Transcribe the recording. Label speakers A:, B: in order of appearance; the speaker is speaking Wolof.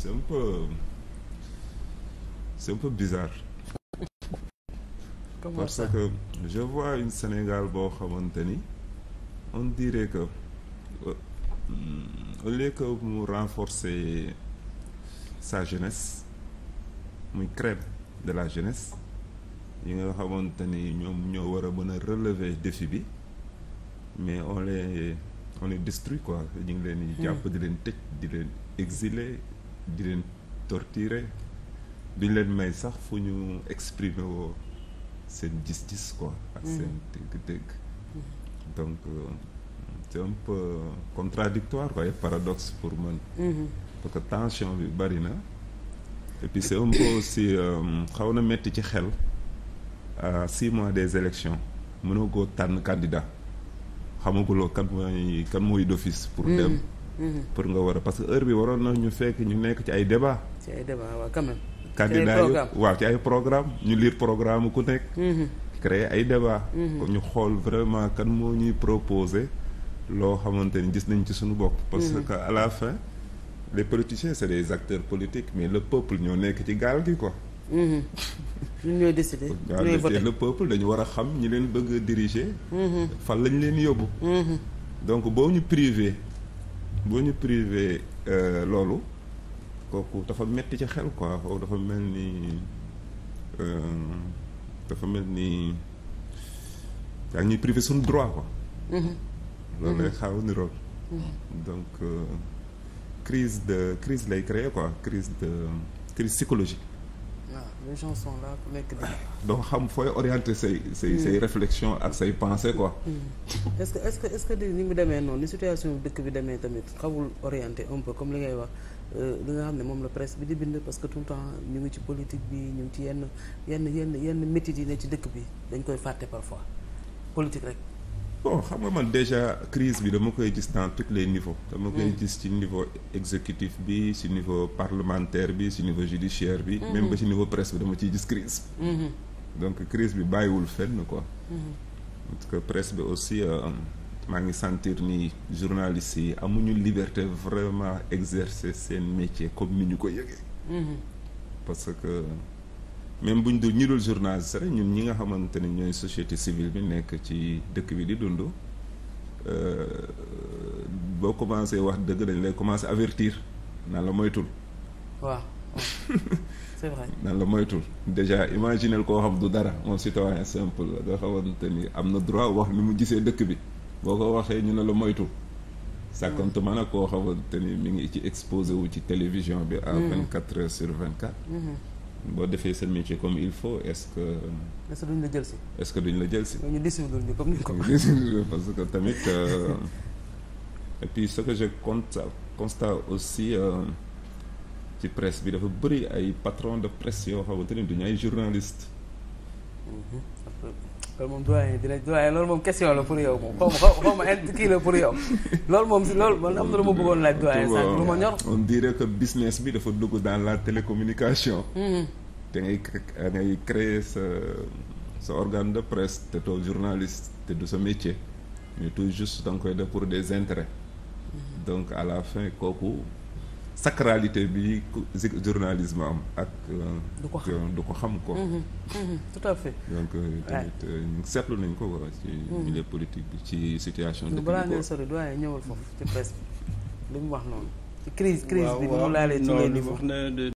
A: c'est un peu c'est un peu bizarre. parce que je vois une Sénégal boo xamante ni on dire que euh, au lieu que mu renforcer sa jeunesse muy crème de la jeunesse yi nga xamante ni ñoom ñoo war a mën a relever défi bi mais on les on les détruit quoi ñu ngi leen di jàpp hmm. di leen tëj di leen exiler di leen torturer duñ leen may sax fu ñu exprimer woo seen gis-gis quoi ak mm-hmm. seen dégg-dégg mm-hmm. donc euh, c'est un peu contradictoire quoi et paradoxe pour man mm-hmm. parce que tension bi bari na et puis c'est un peu aussi euh, xaw na metti ci xel à six mois des élections mënoo koo tànn candidat xamaguloo kan mooy kan mooy d'office pour dem Mhm. pour nga war a parce que heure bi waroon na ñu fekk ñu nekk ci ay débat
B: ci ay débat waaw quand même candidat yi
A: waaw ci ay programme ñu liir programme ku nekk mhm. créer ay débat comme mhm. ñu xool vraiment kan moo ñuy proposer loo xamante ni gis nañ ci suñu bopp parce que à la fin les politiciens c'est des acteurs politiques mais le peuple ñoo nekk ci gaal gi ko ñun ñooy décider ñooy voter le peuple dañu war a xam ñi leen bëgg diriger fan lañ leen yóbbu donc boo ñu privé boo ñu privé euh, loolu kooku dafa metti ci xel quoi kooku dafa mel ni euh, dafa mel ni yaa ngi ñuy privé suñu droit quoi. Mhm. loolu lay xaaw ni rôle. donc euh, crise de crise lay créer quoi crise de crise psychologique.
B: waaw ah, les gens sont là ku nekk di.
A: donc xam fooy orienter say say say hmm. réflexion ak say pensée quoi.
B: Hmm. est ce que est ce que est ce que ni mu demee noonu ni situation dëkk bi demee tamit xawul orienté un peu comme li ngay wax euh, li nga xam ne moom la presse bi di bind parce que tout le temps ñu ngi ci politique bi ñu ngi ci yenn yenn yenn yenn métit yi ne ci dëkk bi dañ koy fàtte parfois politique rek.
A: bon xam nga man déjà crise bi dama koy gis dans tous les niveaux dama koy mm. gis ci niveau exécutif bi ci niveau parlementaire bi ci niveau judiciaire bi mm-hmm. même ba ci niveau presse bi dama ciy gis crise mm-hmm. donc crise bi bàyyiwul fenn ko mm-hmm. parce que presse bi aussi euh, maa ngi sentir ni journalistes yi amuñu liberté vraiment exercer seen métier comme ni ñu ko yëgee parce que même bu ñu dul ñu dul journaliste ñun ñi nga xamante ne ñooy société civile bi nekk ci dëkk bi di dund euh, boo commencé wax dëgg dañ lay commencé avertir nan la moytul.
B: waaw
A: nan la moytul déjà imaginel koo xam du dara moom citoyen simple la nga ni am na droit wax ni mu gisee dëkk bi boo ko waxee ñu ne la moytul. sàkkamtu mm. man ak koo xamante mu ngi ci exposé wu ci télévision bi. à mm. vingt quatre sur vingt quatre. Mm-hmm. boo defee sa métier comme il faut est-ce que. est-ce que duñ la jël si. est-ce que duñ la jël parce que tamit euh, et puis ce que je compte constate aussi euh, ci euh, bi dafa bëri ay patron de presse yoo xamante ni duñu ay journaliste.
B: Mhm. loolu moom doyen dina doyen loolu moom question la pour yow moom xaw ma xaw ma kii la pour yow loolu moom loolu man am ma bëggoon laaj doyen eh, sànq lu ma ñor
A: on dirait que business bi dafa dugg dans la télécommunication da mm. ngay da ngay créer eh, eh, sa sa organe de presse te toog journaliste te du sa métier mais tout juste da koy def pour des intérêts mm. donc à la fin kooku sacralité bi journalisme am ak. Euh, du ko xam du ko xam quoi. Mhm.
B: Mhm. tout à fait.
A: donc euh, tamit euh, seetlu nañ ko a ci mhm. milieu politique bi ci situation. dëkk bi ngay
B: sori doyen ñëwal foofu ci presse bi li mu wax noonu. ci crise crise bi mu laalee ci les
A: niveaux